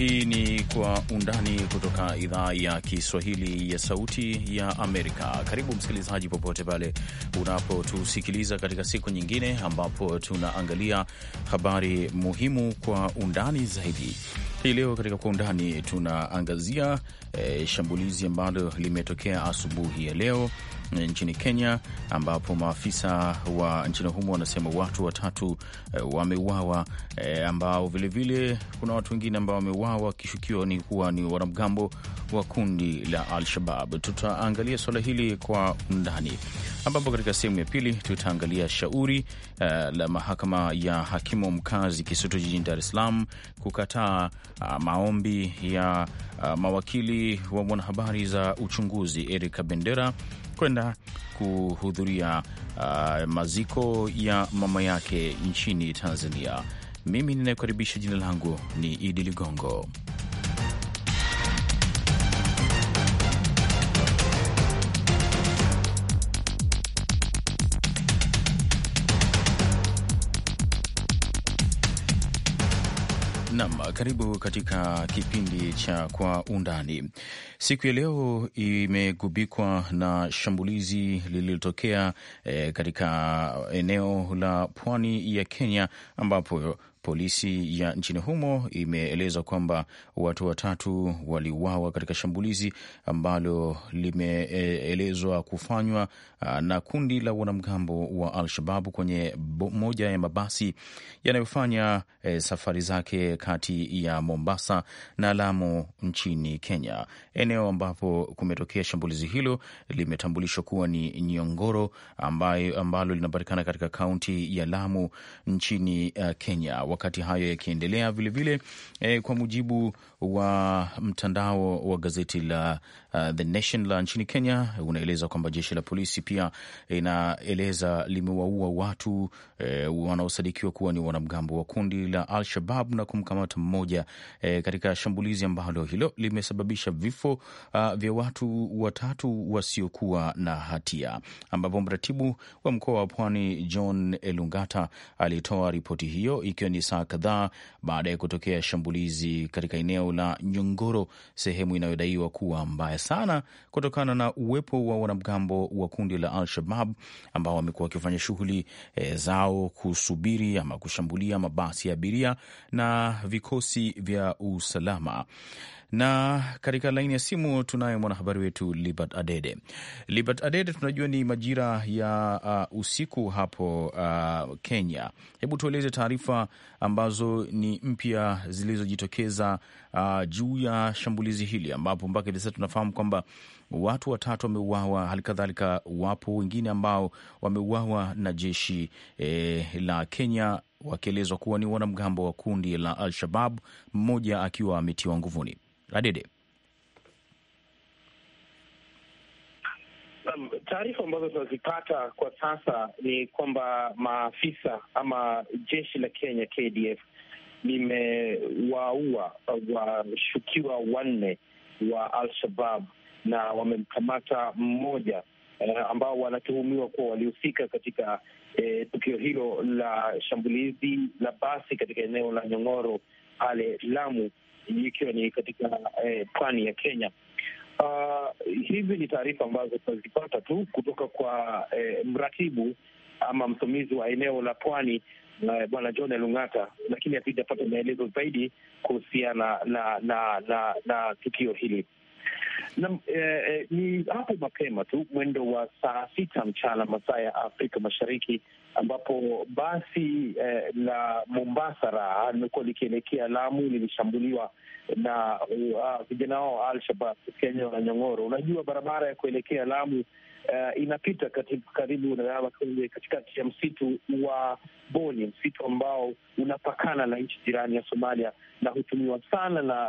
Hii ni Kwa Undani kutoka idhaa ya Kiswahili ya Sauti ya Amerika. Karibu msikilizaji, popote pale unapotusikiliza katika siku nyingine ambapo tunaangalia habari muhimu kwa undani zaidi. Hii leo katika Kwa Undani tunaangazia eh, shambulizi ambalo limetokea asubuhi ya leo Eh, nchini Kenya, ambapo maafisa wa nchini humo wanasema watu watatu eh, wameuawa eh, ambao vilevile kuna watu wengine ambao wameuawa wakishukiwa ni kuwa ni wanamgambo wa kundi la Al-Shabab. Tutaangalia suala hili kwa undani, ambapo katika sehemu ya pili tutaangalia shauri uh, la mahakama ya hakimu mkazi Kisutu jijini Dar es Salaam kukataa uh, maombi ya uh, mawakili wa mwanahabari za uchunguzi Erika Bendera kwenda kuhudhuria uh, maziko ya mama yake nchini Tanzania. Mimi ninayekaribisha, jina langu ni Idi Ligongo. Nam, karibu katika kipindi cha Kwa Undani. Siku ya leo imegubikwa na shambulizi lililotokea e, katika eneo la pwani ya Kenya ambapo Polisi ya nchini humo imeeleza kwamba watu watatu waliuawa katika shambulizi ambalo limeelezwa kufanywa uh, na kundi la wanamgambo wa Al-Shababu kwenye moja ya mabasi yanayofanya eh, safari zake kati ya Mombasa na Lamu nchini Kenya. Eneo ambapo kumetokea shambulizi hilo limetambulishwa kuwa ni Nyongoro ambayo, ambalo linapatikana katika kaunti ya Lamu nchini uh, Kenya wakati hayo yakiendelea vilevile, eh, kwa mujibu wa mtandao wa gazeti la uh, The Nation la nchini Kenya unaeleza kwamba jeshi la polisi pia inaeleza limewaua watu eh, wanaosadikiwa kuwa ni wanamgambo wa kundi la Al Shabab na kumkamata mmoja eh, katika shambulizi ambalo hilo limesababisha vifo uh, vya watu watatu wasiokuwa na hatia, ambapo mratibu wa mkoa wa Pwani John Elungata alitoa ripoti hiyo ikiwa ni saa kadhaa baada ya kutokea shambulizi katika eneo eneo la Nyongoro, sehemu inayodaiwa kuwa mbaya sana kutokana na uwepo wa wanamgambo wa kundi la Al-Shabab ambao wamekuwa wakifanya shughuli e, zao kusubiri ama kushambulia mabasi ya abiria na vikosi vya usalama na katika laini ya simu tunaye mwanahabari wetu Libert Adede. Libert Adede, tunajua ni majira ya uh, usiku hapo uh, Kenya. Hebu tueleze taarifa ambazo ni mpya zilizojitokeza uh, juu ya shambulizi hili, ambapo mpaka hivi sasa tunafahamu kwamba watu watatu wameuawa, hali kadhalika wapo wengine ambao wameuawa na jeshi eh, la Kenya wakielezwa kuwa ni wanamgambo wa kundi la Al-Shabab, mmoja akiwa ametiwa nguvuni. Adede. Taarifa ambazo tunazipata kwa sasa ni kwamba maafisa ama jeshi la Kenya KDF limewaua washukiwa wanne wa Al-Shabab na wamemkamata mmoja eh, ambao wanatuhumiwa kuwa walihusika katika eh, tukio hilo la shambulizi la basi katika eneo la Nyong'oro pale Lamu ikiwa ni katika eh, pwani ya Kenya. Uh, hizi ni taarifa ambazo tunazipata tu kutoka kwa eh, mratibu ama msimamizi wa eneo la pwani eh, Bwana John Elung'ata, lakini hatujapata maelezo zaidi kuhusiana na na na na tukio hili na, eh, eh, ni hapo mapema tu mwendo wa saa sita mchana masaa ya Afrika Mashariki ambapo basi eh, la Mombasa Raha limekuwa likielekea Lamu lilishambuliwa na uh, vijana uh, wao Alshabab Kenya na Nyong'oro. Unajua, barabara ya kuelekea Lamu uh, inapita karibu eh, katikati ya msitu wa Boni, msitu ambao unapakana na nchi jirani ya Somalia na hutumiwa sana na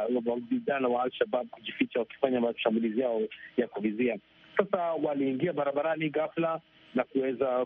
vijana wa Alshabab kujificha wakifanya mashambulizi yao ya kuvizia. Sasa waliingia barabarani ghafla na kuweza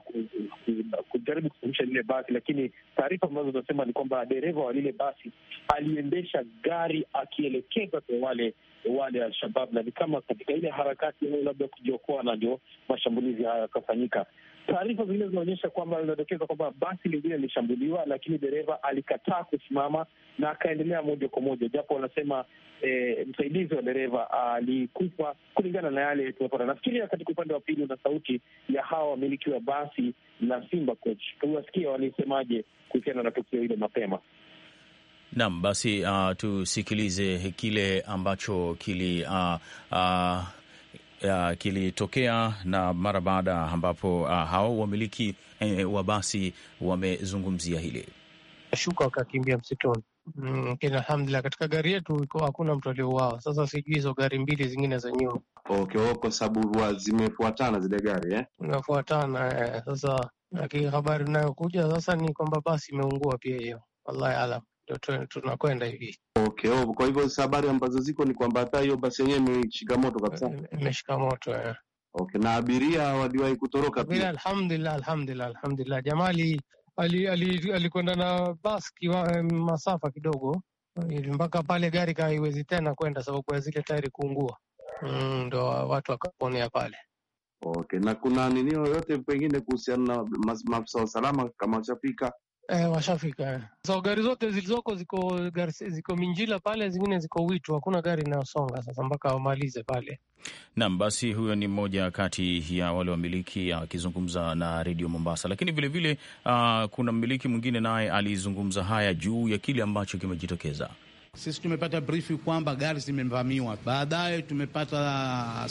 kujaribu kusimamisha lile basi, lakini taarifa ambazo zinasema ni kwamba dereva wa lile basi aliendesha gari akielekeza kwa wale wale Alshabab, na ni kama katika ile harakati yao labda kujiokoa, na ndio mashambulizi hayo yakafanyika. Taarifa zingine zinaonyesha kwamba linadokeza kwamba basi lingine lilishambuliwa, lakini dereva alikataa kusimama na akaendelea moja kwa moja, japo wanasema e, msaidizi wa dereva alikufa, kulingana na yale tumepata. Nafikiria katika upande wa pili una sauti ya hawa wamiliki wa basi la Simba Coach, tuwasikia walisemaje kuhusiana na tukio hilo mapema. Naam, basi uh, tusikilize kile ambacho kili uh, uh, uh, kilitokea na mara baada ambapo uh, hao wamiliki eh, wa basi wamezungumzia hili shuka wakakimbia msituni. Mm, lakini alhamdulillah, katika gari yetu hakuna mtu aliouawa. Sasa sijui hizo gari mbili zingine za nyuma, okay, kwa sababu zimefuatana zile gari eh? Zinafuatana eh. Sasa lakini habari inayokuja sasa ni kwamba basi imeungua pia hiyo, wallahi alam tunakwenda hivi. Okay, oh, kwa hivyo habari ambazo ziko ni kwamba hata hiyo basi yenyewe imeshika moto kabisa, eh, imeshika moto eh. Okay, na abiria waliwahi kutoroka pia? Alhamdulillah, alhamdulillah, alhamdulillah. Jamali alikwenda ali, ali na basi masafa kidogo mpaka pale gari kaiwezi tena kwenda sababu ya zile tairi kuungua, ndo mm, watu wakaponea pale. Okay, na kuna nini yoyote pengine kuhusiana na maafisa wa usalama kama chapika E, washafika. Eh. So gari zote zilizoko ziko gari, ziko Minjila pale, zingine ziko Witu, hakuna gari inayosonga sasa mpaka wamalize pale. Naam, basi huyo ni mmoja kati ya wale wamiliki ah, akizungumza na redio Mombasa, lakini vilevile vile, uh, kuna mmiliki mwingine naye alizungumza haya juu ya kile ambacho kimejitokeza. Sisi tumepata brifi kwamba gari zimevamiwa, baadaye tumepata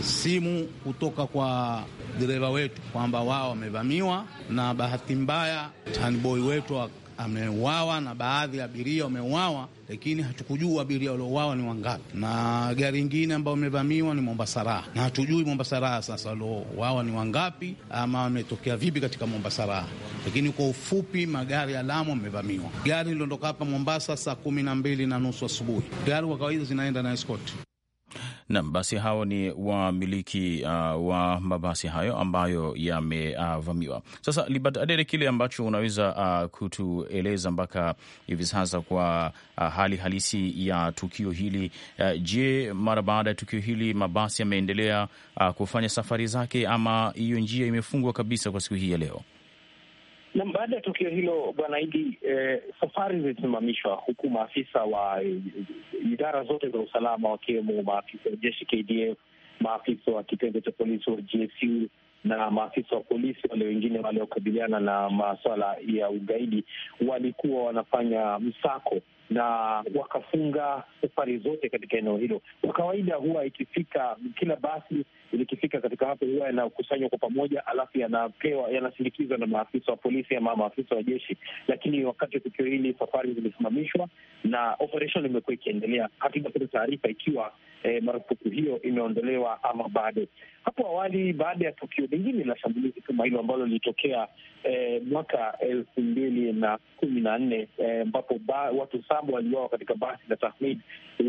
simu kutoka kwa dereva wetu kwamba wao wamevamiwa, na bahati mbaya tanboy wetu ameuawa na baadhi ya abiria wameuawa, lakini hatukujua abiria waliouawa ni wangapi. Na gari ingine ambayo imevamiwa ni Mombasa Raha, na hatujui Mombasa Raha sasa waliouawa ni wangapi ama wametokea vipi katika Mombasa Raha. Lakini kwa ufupi, magari ya Lamu amevamiwa. Gari liliondoka hapa Mombasa saa kumi na mbili na nusu asubuhi. Gari kwa kawaida zinaenda na eskoti. Nam, basi hao ni wamiliki uh, wa mabasi hayo ambayo yamevamiwa. Uh, sasa Libert adere kile ambacho unaweza uh, kutueleza mpaka hivi sasa kwa uh, hali halisi ya tukio hili uh, je, mara baada ya tukio hili mabasi yameendelea uh, kufanya safari zake ama hiyo njia imefungwa kabisa kwa siku hii ya leo? Nam, baada ya tukio hilo bwana Idi, eh, safari zilisimamishwa huku maafisa wa idara zote za usalama wakiwemo maafisa wa jeshi KDF, maafisa wa kitengo cha polisi wa GSU na maafisa wa polisi wale wengine waliokabiliana na maswala ya ugaidi walikuwa wanafanya msako na wakafunga safari zote katika eneo hilo. Kwa kawaida huwa ikifika kila basi likifika katika hapo huwa yanakusanywa kwa pamoja, alafu yanapewa yanasindikizwa na maafisa wa polisi ama maafisa wa jeshi. Lakini wakati wa tukio hili safari zimesimamishwa na operesheni imekuwa ikiendelea. Hatujapata taarifa ikiwa eh, marufuku hiyo imeondolewa ama bado. Hapo awali baada ya tukio lingine la shambulizi kama hilo ambalo lilitokea eh, mwaka elfu mbili na kumi na nne eh, ambapo eh, watu saba waliuawa katika basi la Tahmid,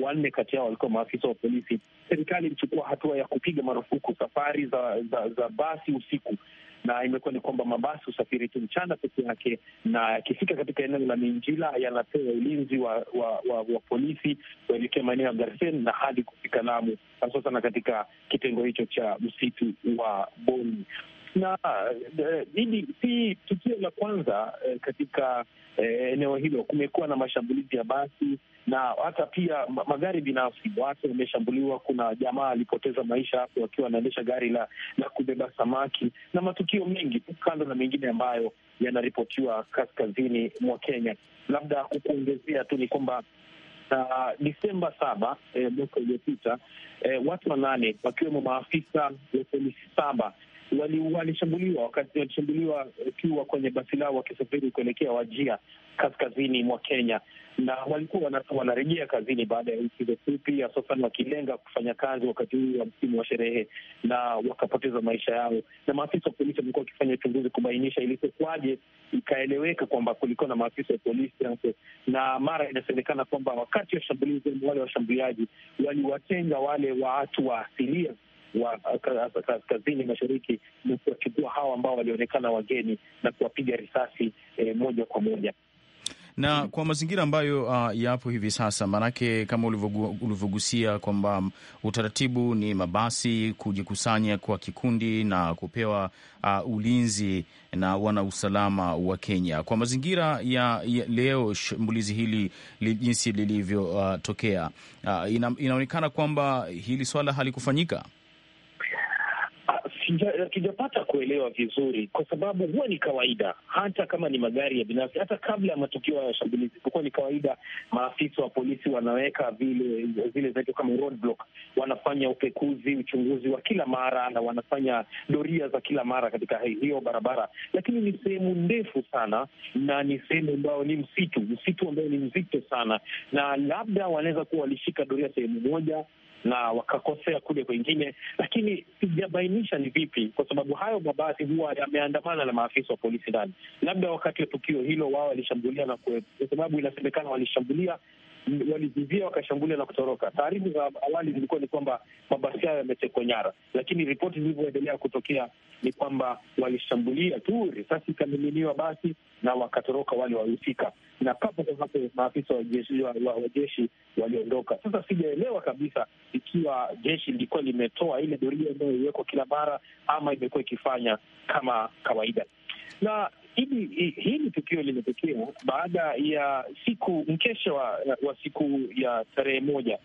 wanne kati yao walikuwa maafisa wa polisi. Serikali ilichukua hatua ya kupiga marufuku usiku, safari za, za, za basi usiku na imekuwa ni kwamba mabasi husafiri tu mchana peke yake, na yakifika katika eneo la Minjila yanapewa ulinzi wa, wa, wa, wa polisi kuelekea maeneo ya Garsen na hadi kufika Lamu, hasa sana katika kitengo hicho cha msitu wa Boni na hili eh, si tukio la kwanza eh, katika eh, eneo hilo. Kumekuwa na mashambulizi ya basi na hata pia magari binafsi, watu wameshambuliwa. Kuna jamaa alipoteza maisha hapo wakiwa wanaendesha gari la, la kubeba samaki, na matukio mengi tu kando na mengine ambayo yanaripotiwa kaskazini mwa Kenya. Labda kukuongezea tu ni kwamba Uh, Disemba saba eh, mwaka eh, uliopita eh, watu wanane wakiwemo maafisa wa polisi saba walishambuliwa wakati walishambuliwa wakiwa eh, kwenye basi lao wakisafiri kuelekea Wajia kaskazini mwa Kenya, na walikuwa wanarejea kazini baada ya wiki fupi, asasan wakilenga kufanya kazi wakati huu wa msimu wa sherehe, na wakapoteza maisha yao. Na maafisa wa polisi wamekuwa wakifanya uchunguzi kubainisha ilikuwaje, ikaeleweka kwamba kulikuwa na maafisa wa polisi, na mara inasemekana kwamba wakati wa shambulizi, wale washambuliaji waliwatenga wale watu wa asilia wa kaskazini mashariki ni kuwachukua hawa ambao walionekana wageni na kuwapiga risasi e, moja kwa moja na kwa mazingira ambayo uh, yapo hivi sasa, maanake kama ulivyogusia kwamba utaratibu ni mabasi kujikusanya kwa kikundi na kupewa uh, ulinzi na wana usalama wa Kenya. Kwa mazingira ya, ya leo shambulizi hili li, jinsi lilivyotokea, uh, uh, ina, inaonekana kwamba hili swala halikufanyika Hatujapata kuelewa vizuri, kwa sababu huwa ni kawaida, hata kama ni magari ya binafsi, hata kabla ya matukio ya shambulizi, kuwa ni kawaida, maafisa wa polisi wanaweka vile zile zinaitwa kama roadblock, wanafanya upekuzi, uchunguzi wa kila mara, na wanafanya doria za kila mara katika hiyo barabara, lakini ni sehemu ndefu sana, na ni sehemu ambayo ni msitu, msitu ambayo ni mzito sana, na labda wanaweza kuwa walishika doria sehemu moja na wakakosea kule kwengine, lakini sijabainisha ni vipi, kwa sababu hayo mabasi huwa yameandamana na maafisa wa polisi ndani. Labda wakati wa tukio hilo wao walishambulia na kwa sababu inasemekana walishambulia walivizia wakashambulia na kutoroka. Taarifa za awali zilikuwa ni kwamba mabasi hayo yametekwa nyara, lakini ripoti zilivyoendelea kutokea ni kwamba walishambulia tu, risasi ikamiminiwa basi na wakatoroka wale wahusika, na papo kwa hapo maafisa wa jeshi wa, wa, wa jeshi waliondoka. Sasa sijaelewa kabisa ikiwa jeshi lilikuwa limetoa ile doria ambayo iliwekwa kila mara ama imekuwa ikifanya kama kawaida na hili, hili tukio limetokea baada ya siku mkesha wa, wa siku ya tarehe moja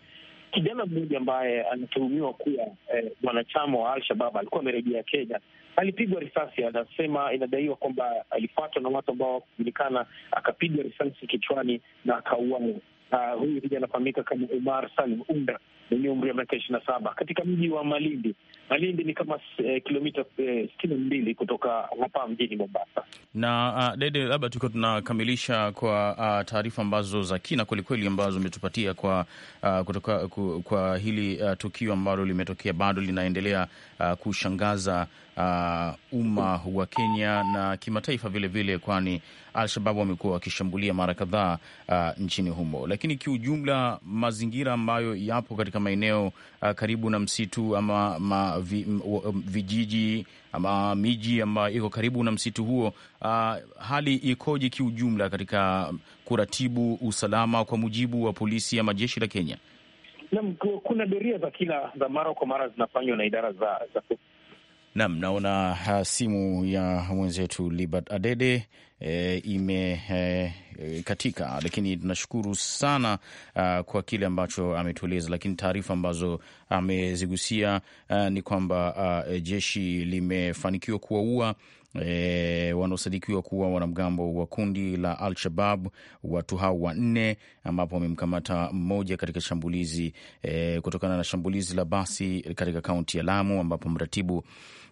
kijana mmoja ambaye anatuhumiwa kuwa eh, mwanachama wa Al-Shabab alikuwa amerejea Kenya, alipigwa risasi. Anasema inadaiwa kwamba alifuatwa na watu ambao wakujulikana, akapigwa risasi kichwani na akauawa. Uh, huyu kijana anafahamika kama Umar Salim Unda mwenye umri wa miaka ishirini na saba katika mji wa Malindi. Malindi ni kama eh, kilomita eh, sitini eh, mbili kutoka hapa mjini Mombasa. Na uh, Dede, labda tuko tunakamilisha kwa uh, taarifa ambazo za kina kwelikweli ambazo umetupatia kwa uh, kutoka ku, kwa hili uh, tukio ambalo limetokea bado linaendelea uh, kushangaza uh, umma wa Kenya na kimataifa vilevile, kwani Al-Shabab wamekuwa wakishambulia mara kadhaa uh, nchini humo, lakini kiujumla mazingira ambayo yapo katika maeneo uh, karibu na msitu ama ma, vi, m, vijiji ama miji ambayo iko karibu na msitu huo, uh, hali ikoje kiujumla katika kuratibu usalama kwa mujibu wa polisi ama jeshi la Kenya? Naam, kuna doria za kila za mara kwa mara zinafanywa na idara za, za... Naam, naona uh, simu ya mwenzetu Libert Adede e, imekatika e, e lakini tunashukuru sana uh, kwa kile ambacho ametueleza. Lakini taarifa ambazo amezigusia uh, ni kwamba uh, jeshi limefanikiwa kuwaua E, wanaosadikiwa kuwa wanamgambo wa kundi la Al-Shabab watu hao wanne, ambapo wamemkamata mmoja katika shambulizi e, kutokana na shambulizi la basi katika kaunti ya Lamu ambapo mratibu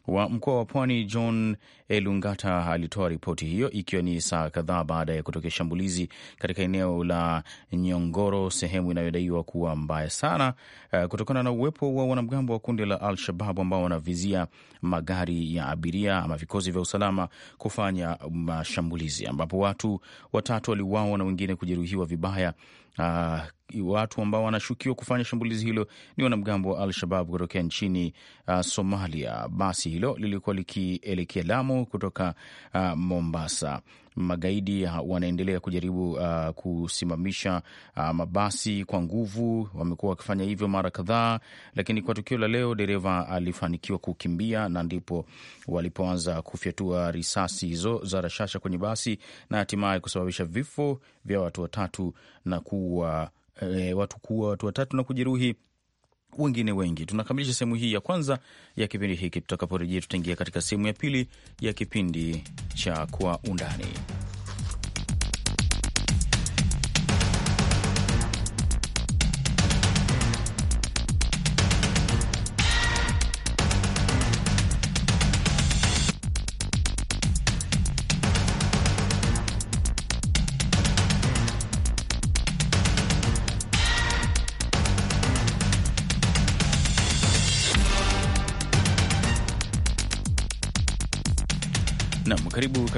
wa mkoa wa Pwani John Elungata alitoa ripoti hiyo ikiwa ni saa kadhaa baada ya kutokea shambulizi katika eneo la Nyongoro, sehemu inayodaiwa kuwa mbaya sana eh, kutokana na uwepo wa wanamgambo wa kundi la Al-Shababu ambao wanavizia magari ya abiria ama vikosi vya usalama kufanya mashambulizi, ambapo watu watatu waliuawa na wengine kujeruhiwa vibaya. Uh, watu ambao wanashukiwa kufanya shambulizi hilo ni wanamgambo wa Al-Shabab kutokea nchini uh, Somalia. Basi hilo lilikuwa likielekea Lamu kutoka uh, Mombasa. Magaidi wanaendelea kujaribu uh, kusimamisha uh, mabasi kwa nguvu. Wamekuwa wakifanya hivyo mara kadhaa, lakini kwa tukio la leo dereva alifanikiwa kukimbia na ndipo walipoanza kufyatua risasi hizo za rashasha kwenye basi na hatimaye kusababisha vifo vya watu watatu na kuwa e, watu kuwa watu watatu na kujeruhi wengine wengi. Tunakamilisha sehemu hii ya kwanza ya kipindi hiki. Tutakaporejea, tutaingia katika sehemu ya pili ya kipindi cha Kwa Undani.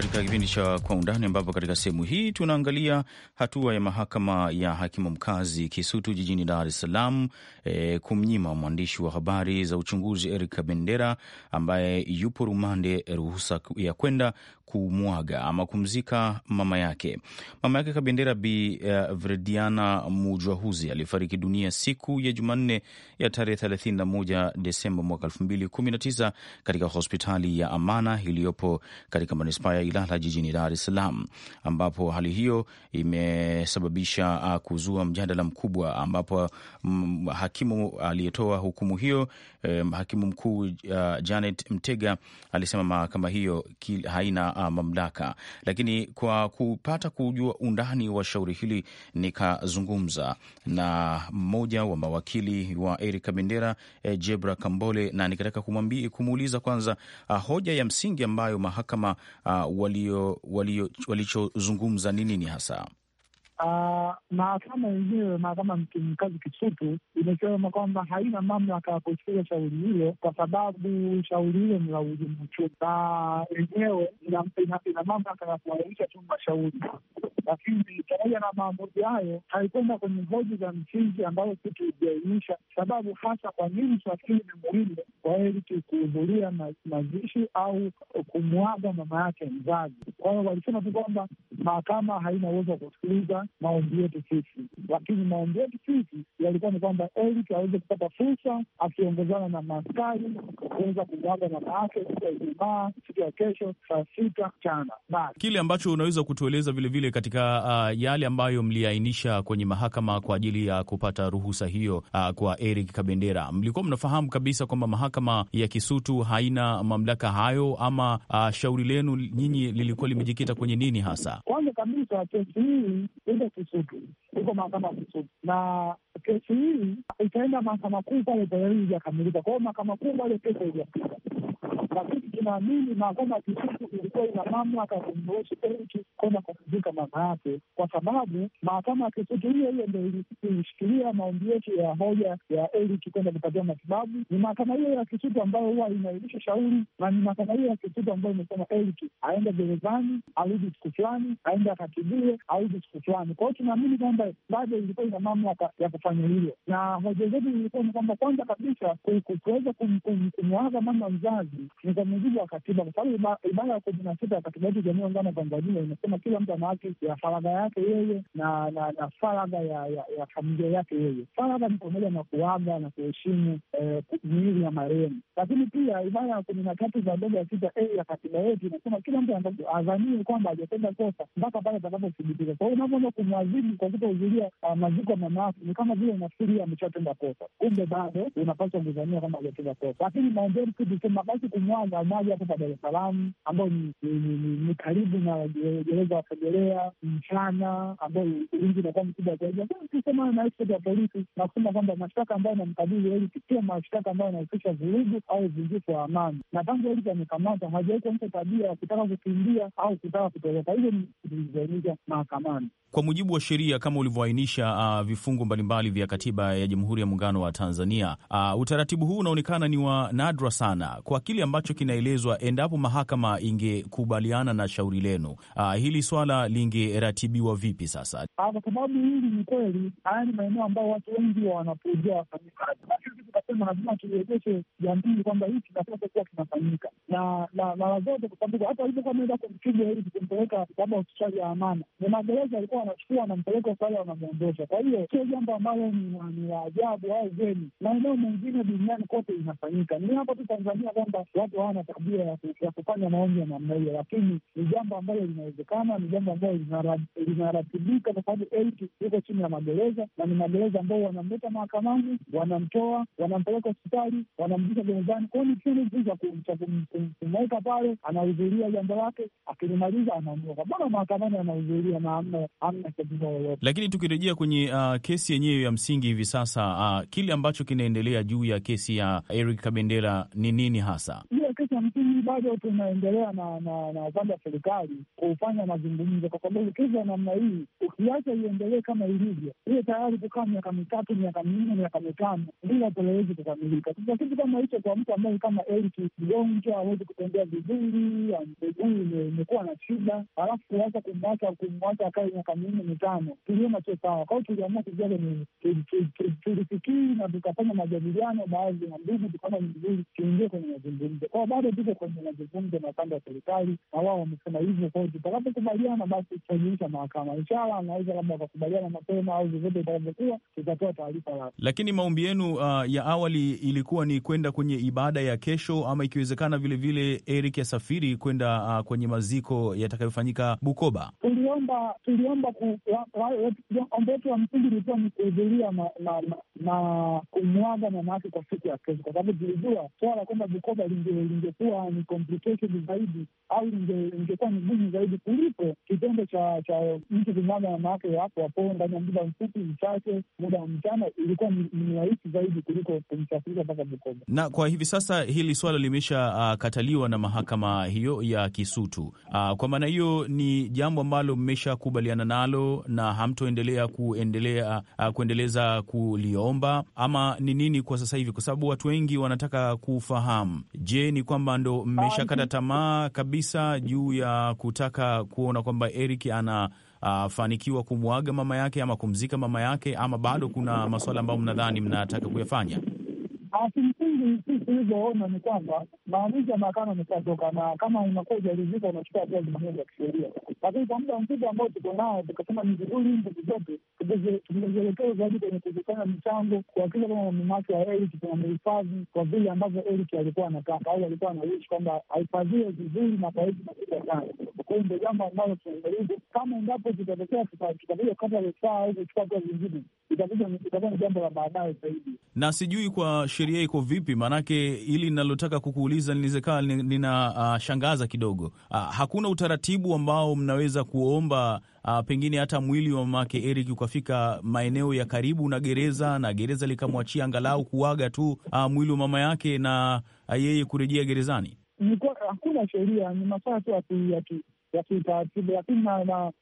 Pues katika kipindi cha Kwa Undani, ambapo katika sehemu hii tunaangalia hatua ya mahakama ya hakimu mkazi Kisutu jijini Dar es Salaam e, kumnyima mwandishi wa habari za uchunguzi Eric Kabendera ambaye yupo rumande ruhusa ya kwenda kumwaga ama kumzika mama yake. Mama yake Kabendera Bi uh, Vrediana Mujwahuzi alifariki dunia siku ya Jumanne ya tarehe 31 Desemba mwaka 2019 katika hospitali ya Amana iliyopo katika manispaa ya Ilala jijini Dar es Salaam, ambapo hali hiyo imesababisha uh, kuzua mjadala mkubwa, ambapo mm, hakimu aliyetoa hukumu hiyo um, hakimu mkuu uh, Janet Mtega alisema mahakama hiyo haina uh, mamlaka. Lakini kwa kupata kujua undani wa shauri hili, nikazungumza na mmoja wa mawakili wa Eric Kabendera, eh, Jebra Kambole, na nikataka kumuuliza kwanza hoja ya msingi ambayo mahakama uh, walio walichozungumza ni nini hasa? Uh, ah, mahakama yenyewe mahakama mkazi Kisutu imesema kwamba haina mamlaka ya kusikiza shauri hilo kwa sababu shauri hilo ni la uhujumu uchumi, na yenyewe ina mamlaka ya kuahirisha tu mashauri. Lakini pamoja na maamuzi hayo, haikwenda kwenye hoji za msingi ambazo si tuijiainisha sababu hasa kwa nini swakili ni muhimu kwa Eriki kuhudhuria mazishi au kumwaga mama yake mzazi. Kwa hiyo walisema tu kwamba mahakama haina uwezo wa kusikiliza maombi yetu sisi, lakini maombi yetu sisi yalikuwa ni kwamba Eric aweze kupata fursa akiongozana na maskari kuweza kumwaga mama yake siku ya Ijumaa, siku ya kesho saa sita mchana. Kile ambacho unaweza kutueleza vilevile katika uh, yale ambayo mliainisha kwenye mahakama kwa ajili ya kupata ruhusa hiyo uh, kwa Eric Kabendera, mlikuwa mnafahamu kabisa kwamba mahakama ya Kisutu haina mamlaka hayo, ama uh, shauri lenu nyinyi lilikuwa limejikita kwenye nini hasa? Kwanza kabisa kesi hii itaenda Kisutu, iko mahakama ya Kisutu na kesi hii itaenda mahakama kuu pale tayari ijakamilika. Kwa hiyo mahakama kuu bado kesi haijafika, lakini tunaamini mahakama ya Kisutu ilikuwa ina mamlaka ya kumruhusu benchi kwenda kuvunjika mama yake, kwa sababu mahakama ya Kisutu hiyo hiyo ndo ilishikilia maombi yetu ya hoja ya eriki kwenda kupatia matibabu. Ni mahakama hiyo ya Kisutu ambayo huwa inairudisha shauri, na ni mahakama hiyo ya Kisutu ambayo imesema Eric aende gerezani, arudi siku fulani, aende akatibie, arudi siku fulani fulani. Kwa hiyo tunaamini kwamba bado ilikuwa ina mamlaka ya kufanya hilo, na hoja zetu ilikuwa ni kwamba kwanza kabisa kuweza kumwaga mama mzazi ni kwa mujibu wa katiba, kwa sababu ibara ya kumi na sita ya katiba yetu ya Jamhuri ya Muungano wa Tanzania inasema kila mtu ana haki ya faragha yake yeye na na, na faragha ya, ya, ya familia yake yeye. Faragha ni pamoja na kuaga na kuheshimu eh, miili ya marehemu, lakini pia ibara ya kumi na tatu za dogo ya sita a ya katiba yetu inasema kila mtu adhanie kwamba hajatenda kosa mpaka pale atakapothibitika. Kwa hiyo unavyoona kuamua kumwadhibu kwa kutohudhuria uh, ah, maziko ya mama yako ni kama vile unafikiri ameshatenda kosa, kumbe bado unapaswa kuzania kama ajatenda kosa. Lakini maombeni tu tusema basi kumwaga maji hapo kwa Dar es Salaam ambayo ni karibu na gereza la Segerea, mchana ambayo ulinzi unakuwa mkubwa zaidi, kusema na ya polisi na kusema kwamba mashtaka ambayo anamkabili Eli sio mashtaka ambayo anahusisha vurugu au uvunjifu wa amani, na tangu Eli amekamata hajawahi kuonyesha tabia ya kutaka kukimbia au kutaka kutoroka. Hivyo ni zilizoonyesha mahakamani kwa mujibu wa sheria kama ulivyoainisha uh, vifungu mbalimbali vya katiba ya Jamhuri ya Muungano wa Tanzania, uh, utaratibu huu unaonekana ni wa nadra sana kwa kile ambacho kinaelezwa. Endapo mahakama ingekubaliana na shauri lenu, uh, hili swala lingeratibiwa vipi sasa? Ah, kwa sababu hili ni kweli, haya ni maeneo ambayo watu wengi wanapuuzia wafanyikazi, lazima tuiwezeshe jamii kwamba hii kinapaswa kuwa kinafanyika na mara zote, kwa sababu hata alivyokuwa ameweza kumchuja ili kumpeleka labda hospitali ya Amana, ni magereza alikuwa wanachukua wanampeleka pale, wanamwondosha. Kwa hiyo sio jambo ambalo ni la ajabu au geni, maeneo mengine duniani kote inafanyika. Ni hapa tu Tanzania kwamba watu hawana tabia ya kufanya maombi ya namna hiyo, lakini ni jambo ambalo linawezekana, ni jambo ambalo linaratibika, kwa sababu yuko chini ya magereza na ni magereza ambao wanamleta mahakamani, wanamtoa, wanampeleka hospitali, wanamjisha gerezani. Kwao ni kitu cha kumweka pale, anahudhuria jambo lake, akilimaliza anaondoka. Mbona mahakamani anahudhuria na amna lakini tukirejea kwenye uh, kesi yenyewe ya msingi hivi sasa, uh, kile ambacho kinaendelea juu ya kesi ya Eric Kabendera ni nini hasa? Hiyo kesi ya msingi bado tunaendelea na na, na upande wa serikali kufanya mazungumzo, kwa sababu kesi ya namna hii ukiacha iendelee kama ilivyo, hiyo tayari kukaa miaka mitatu, miaka minne, miaka mitano bila upelelezi kukamilika. Sasa kitu kama hicho, kwa mtu ambaye kama Eric mgonjwa, hawezi kutembea vizuri, miguu imekuwa na shida, halafu kuanza kumwacha kumwacha akae miaka minne mitano, tulio sio sawa. Kwa hiyo tuliamua kujaza ni tulifikiri na tukafanya majadiliano baadhi na ndugu, tukaona ni vizuri tuingie kwenye mazungumzo kwao. Bado tuko kwenye mazungumzo na upande wa serikali, na wao wamesema hivyo. Kwao tutakapokubaliana, basi tutajulisha mahakama. Inshallah anaweza labda wakakubaliana mapema au vyovyote itakavyokuwa, tutatoa taarifa rasmi. Lakini maombi yenu uh, ya awali ilikuwa ni kwenda kwenye ibada ya kesho, ama ikiwezekana vilevile Eric asafiri kwenda uh, kwenye maziko yatakayofanyika Bukoba. Tuliomba tuliomba ombi yetu wa msingi ilikuwa ni kuhudhuria kuzuia ma, ma, ma, na kumwaga mama yake kwa siku ya kesho, kwa sababu tulijua swala la Bukoba lingekuwa ni complicated zaidi au lingekuwa ni gumu zaidi kuliko kitendo cha cha mtu kumwaga mama yake hapo hapo ndani ya muda mfupi mchache, muda wa mchana. Ilikuwa ni rahisi zaidi kuliko kumsafirisha mpaka Bukoba. Na kwa hivi sasa hili swala limesha uh, na mahakama hiyo ya Kisutu. Uh, kwa maana hiyo ni jambo ambalo mmeshakubaliana nalo na hamtoendelea kuendelea uh, kuendeleza kulio wanaomba ama ni nini kwa sasa hivi, kwa sababu watu wengi wanataka kufahamu? Je, ni kwamba ndo mmeshakata tamaa kabisa juu ya kutaka kuona kwamba Eric anafanikiwa ah, kumwaga mama yake ama kumzika mama yake, ama bado kuna masuala ambayo mnadhani mnataka kuyafanya? Lakini sisi tulivyoona ni kwamba maamuzi ya mahakama ameshatoka, na kama unakuwa hujaridhika unachukua hatua maneno za kisheria. Lakini kwa muda mkubwa ambao tuko nao, tukasema ni vizuri nguvu zote tumezielekeza zaidi kwenye kukusanya michango, kuhakikisha kama mamimaki ya Eric tunamhifadhi kwa vile ambavyo Eric alikuwa anataka au alikuwa anaishi, kwamba ahifadhiwe vizuri na kwa hizi makubwa sana. Kwa hiyo ndio jambo ambalo tunajaribu, kama endapo zitatokea tutakuja kukata rufaa au kuchukua hatua zingine, itakuwa ni jambo la baadaye zaidi, na sijui kwa sheria iko vipi vipi? Maanake ili linalotaka kukuuliza nilizekaa linashangaza ah, uh, kidogo. Uh, hakuna utaratibu ambao mnaweza kuomba uh, pengine hata mwili wa mamake Eric ukafika maeneo ya karibu na gereza na gereza likamwachia angalau kuaga tu uh, mwili wa mama yake na uh, yeye kurejea gerezani? Hakuna sheria, ni masaa tu ya kiutaratibu, lakini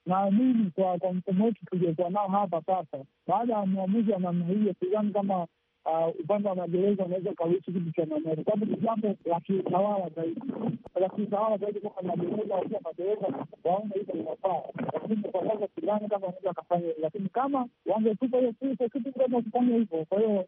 naamini kwa mfumo wetu tuliokuwa nao hapa sasa, baada ya mwamuzi wa namna hiyo, sidhani kama uh, upande wa magereza unaweza ukaruhusu kitu cha namna hiyo, sababu ni jambo la kiutawala zaidi, la kiutawala zaidi kwamba magereza wakiwa magereza waone hizo inafaa, lakini kwa sasa sidhani kama wanaweza wakafanya hiyo, lakini kama wangetupa hiyo fursa, kitu kama kufanya hivyo. Kwa hiyo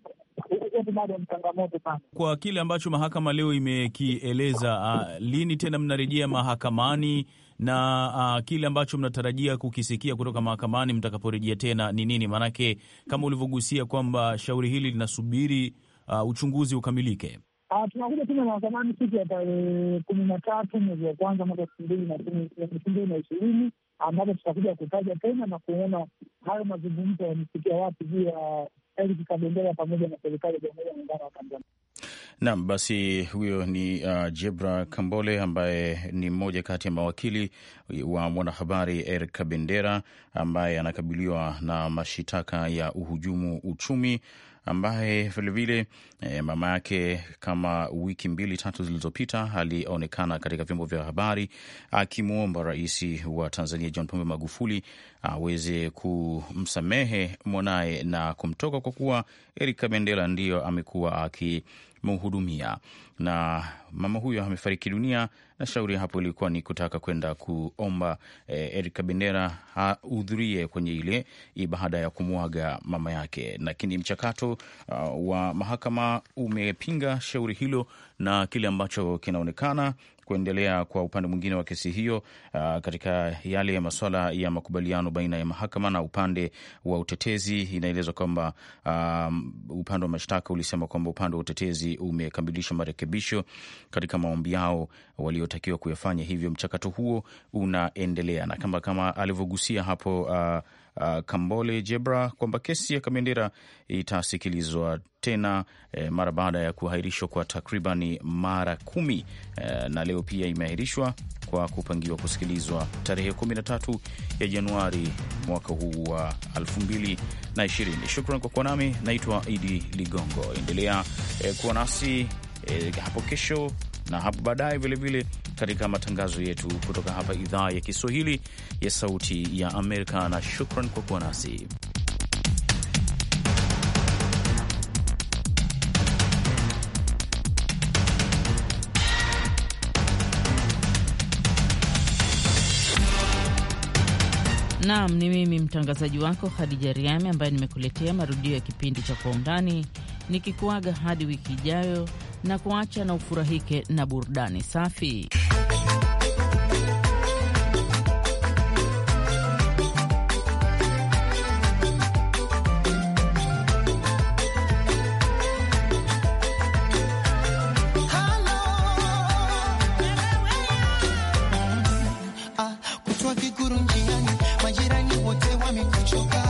kwetu bado ni changamoto sana kwa kile ambacho mahakama leo imekieleza. Uh, Lini tena mnarejea mahakamani na uh, kile ambacho mnatarajia kukisikia kutoka mahakamani mtakaporejea tena ni nini? Maanake kama ulivyogusia kwamba shauri hili linasubiri kusubiri uh, uchunguzi ukamilike? Ah, tunakuja tume mahakamani siku ya tarehe kumi na tatu mwezi wa kwanza mwaka elfu mbili na ishirini ambapo tutakuja kutaja tena na kuona hayo mazungumzo yamefikia wapi juu ya Eric Kabendera pamoja na serikali ya Jamhuri ya Muungano wa Tanzania. Naam, basi huyo ni uh, Jebra Kambole ambaye ni mmoja kati ya mawakili wa mwanahabari Eric Kabendera ambaye anakabiliwa na mashitaka ya uhujumu uchumi ambaye vilevile e, eh, mama yake kama wiki mbili tatu zilizopita alionekana katika vyombo vya habari akimwomba rais wa Tanzania John Pombe Magufuli aweze kumsamehe mwanaye na kumtoka kwa kuwa Eric Kabendela ndiyo amekuwa aki kumhudumia. Na mama huyo amefariki dunia, na shauri hapo ilikuwa ni kutaka kwenda kuomba eh, Eric Kabendera ahudhurie kwenye ile ibada ya kumwaga mama yake, lakini mchakato uh, wa mahakama umepinga shauri hilo na kile ambacho kinaonekana kuendelea kwa upande mwingine wa kesi hiyo uh, katika yale ya maswala ya makubaliano baina ya mahakama na upande wa utetezi, inaelezwa kwamba um, upande wa mashtaka ulisema kwamba upande wa utetezi umekamilisha marekebisho katika maombi yao waliotakiwa kuyafanya, hivyo mchakato huo unaendelea na kama, kama alivyogusia hapo uh, uh, Kambole Jebra kwamba kesi ya Kamendera itasikilizwa tena eh, mara baada ya kuahirishwa kwa takribani mara kumi eh, na leo pia imeahirishwa kwa kupangiwa kusikilizwa tarehe 13 ya Januari mwaka huu wa 2020. Shukran kwa kuwa nami, naitwa Idi Ligongo. Endelea eh, kuwa nasi eh, hapo kesho na hapo baadaye vilevile katika matangazo yetu kutoka hapa idhaa ya Kiswahili ya Sauti ya Amerika, na shukran kwa kuwa nasi. Naam, ni mimi mtangazaji wako Hadija riame ambaye nimekuletea marudio ya kipindi cha Kwa Undani, nikikuaga hadi wiki ijayo na kuacha na ufurahike na burudani safi. Chocolate.